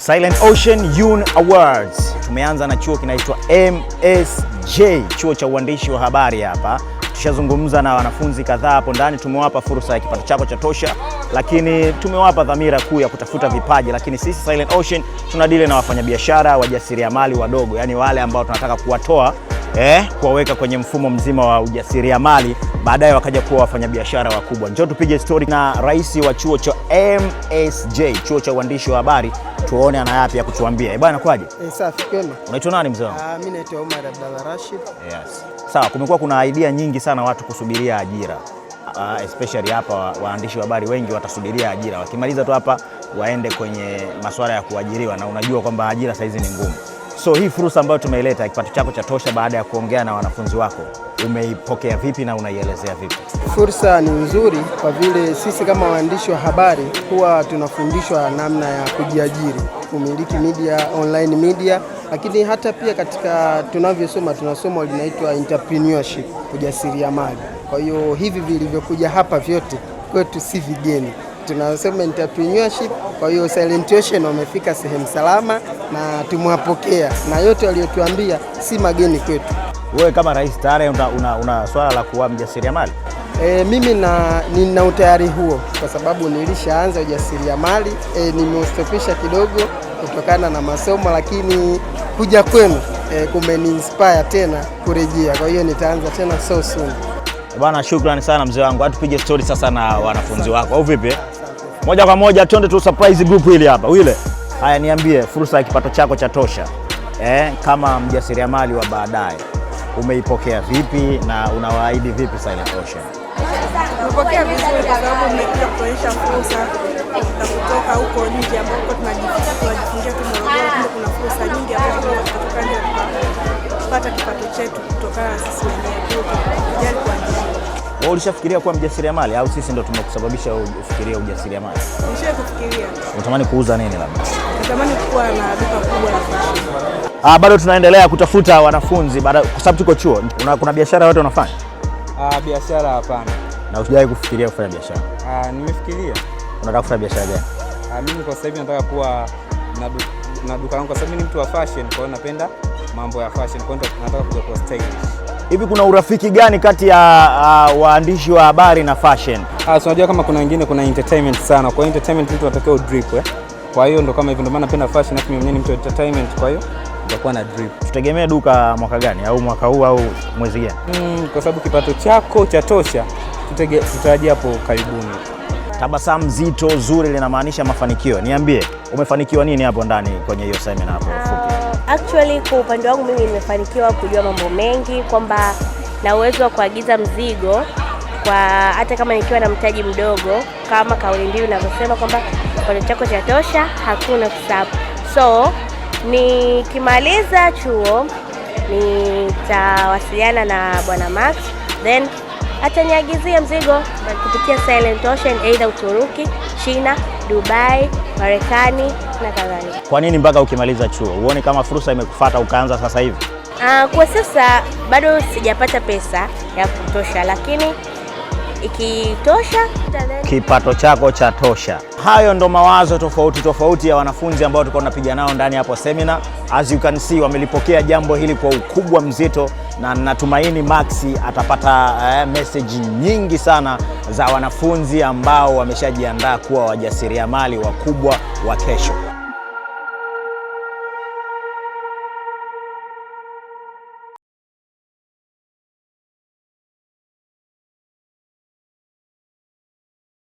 Silent Ocean Youth Awards. Tumeanza na chuo kinaitwa MSJ, chuo cha uandishi wa habari hapa. Tushazungumza na wanafunzi kadhaa hapo ndani, tumewapa fursa ya kipato chako cha tosha, lakini tumewapa dhamira kuu ya kutafuta vipaji. Lakini sisi Silent Ocean tunadili na wafanyabiashara, wajasiriamali wadogo, yaani wale ambao tunataka kuwatoa eh, kuwaweka kwenye mfumo mzima wa ujasiriamali, baadaye wakaja kuwa wafanyabiashara wakubwa. Njoo tupige stori na rais wa chuo cha MSJ, chuo cha uandishi wa habari, tuone ana yapi ya kutuambia. Eh, bwana, kwaje? Eh, safi kwema. Unaitwa nani mzee wangu? Ah, mimi naitwa Omar Abdalla Rashid. Yes. Sawa, kumekuwa kuna idea nyingi sana watu kusubiria ajira Uh, especially hapa waandishi wa habari wa wengi watasubiria ajira, wakimaliza tu hapa waende kwenye masuala ya kuajiriwa, na unajua kwamba ajira saizi ni ngumu. So hii fursa ambayo tumeileta, kipato chako cha tosha, baada ya kuongea na wanafunzi wako, umeipokea vipi na unaielezea vipi? Fursa ni nzuri kwa vile sisi kama waandishi wa habari huwa tunafundishwa namna ya kujiajiri, kumiliki media, online media, lakini hata pia katika tunavyosoma tunasoma linaitwa entrepreneurship, ujasiriamali. Kwa hiyo hivi vilivyokuja hapa vyote kwetu si vigeni tunasema entrepreneurship. Kwa hiyo Silent wamefika sehemu salama na tumewapokea, na yote waliotuambia si mageni kwetu. Wewe kama rais tare una, una, una swala la kuwa mjasiriamali? E, mimi na, nina utayari huo kwa sababu nilishaanza ujasiriamali e, nimeustopisha kidogo kutokana na masomo, lakini kuja kwenu e, kumeninspire tena kurejea. Kwa hiyo nitaanza tena so soon. Bwana, shukrani sana mzee wangu, atupige stori sasa na wanafunzi wako au vipi? Moja kwa moja twende tu surprise group hili hapa. Wile, haya niambie, fursa ya kipato chako cha tosha eh, kama mjasiriamali wa baadaye umeipokea vipi na unawaahidi vipi Silent Ocean? Nimepokea vizuri kwa sababu nimekuja kuonyesha fursa na kutoka huko nje ambako tunajifungia Morogoro, kuna fursa nyingi ambazo tunapata kipato chetu kutokana na sisi wenyewe. Wewe ulishafikiria kuwa mjasiriamali au sisi ndio tumekusababisha ufikirie ujasiriamali? Nishafikiria. Unatamani kuuza nini labda? Natamani kuwa na duka kubwa la fashion. Ah, bado tunaendelea kutafuta wanafunzi bado kwa sababu tuko chuo. Una, kuna biashara yote unafanya? Ah, biashara hapana. Na usijawahi kufikiria kufanya biashara? Ah, nimefikiria. Unataka kufanya biashara gani? Ah, mimi kwa sasa hivi nataka kuwa na na duka langu kwa sababu mimi ni mtu wa fashion, kwa hiyo napenda mambo ya fashion, kwa hiyo nataka kuja kwa stage. Hivi kuna urafiki gani kati ya uh, waandishi wa habari na fashion? Ah, unajua kama kuna wengine kuna entertainment sana. Kwa entertainment mtu anatakiwa drip eh. Kwa hiyo ndo kama hivyo ndo maana napenda fashion na mimi mwenyewe ni mtu entertainment kwa hiyo nitakuwa na drip. Tutegemee duka mwaka gani au mwaka huu au mwezi gani? Mm, kwa sababu kipato chako cha tosha tutarajia hapo karibuni. Tabasamu zito zuri linamaanisha mafanikio. Niambie, umefanikiwa nini hapo ndani kwenye hiyo seminar hapo fupi? Actually, kwa upande wangu mimi nimefanikiwa kujua mambo mengi kwamba na uwezo wa kuagiza mzigo kwa hata kama nikiwa na mtaji mdogo, kama kauli mbiu inavyosema kwamba kipato chako cha tosha, hakuna kusapu. So nikimaliza chuo nitawasiliana na bwana Max then ataniagizia mzigo kupitia Silent Ocean, aidha Uturuki, China, Dubai, Marekani na kadhalika. Kwa nini mpaka ukimaliza chuo uone kama fursa imekufata ukaanza sasa hivi? Uh, kwa sasa bado sijapata pesa ya kutosha, lakini ikitosha kipato chako cha tosha. Hayo ndo mawazo tofauti tofauti ya wanafunzi ambao tulikuwa tunapiga nao ndani hapo semina. As you can see, wamelipokea jambo hili kwa ukubwa mzito, na natumaini maxi atapata uh, message nyingi sana za wanafunzi ambao wameshajiandaa kuwa wajasiriamali wakubwa wa kesho.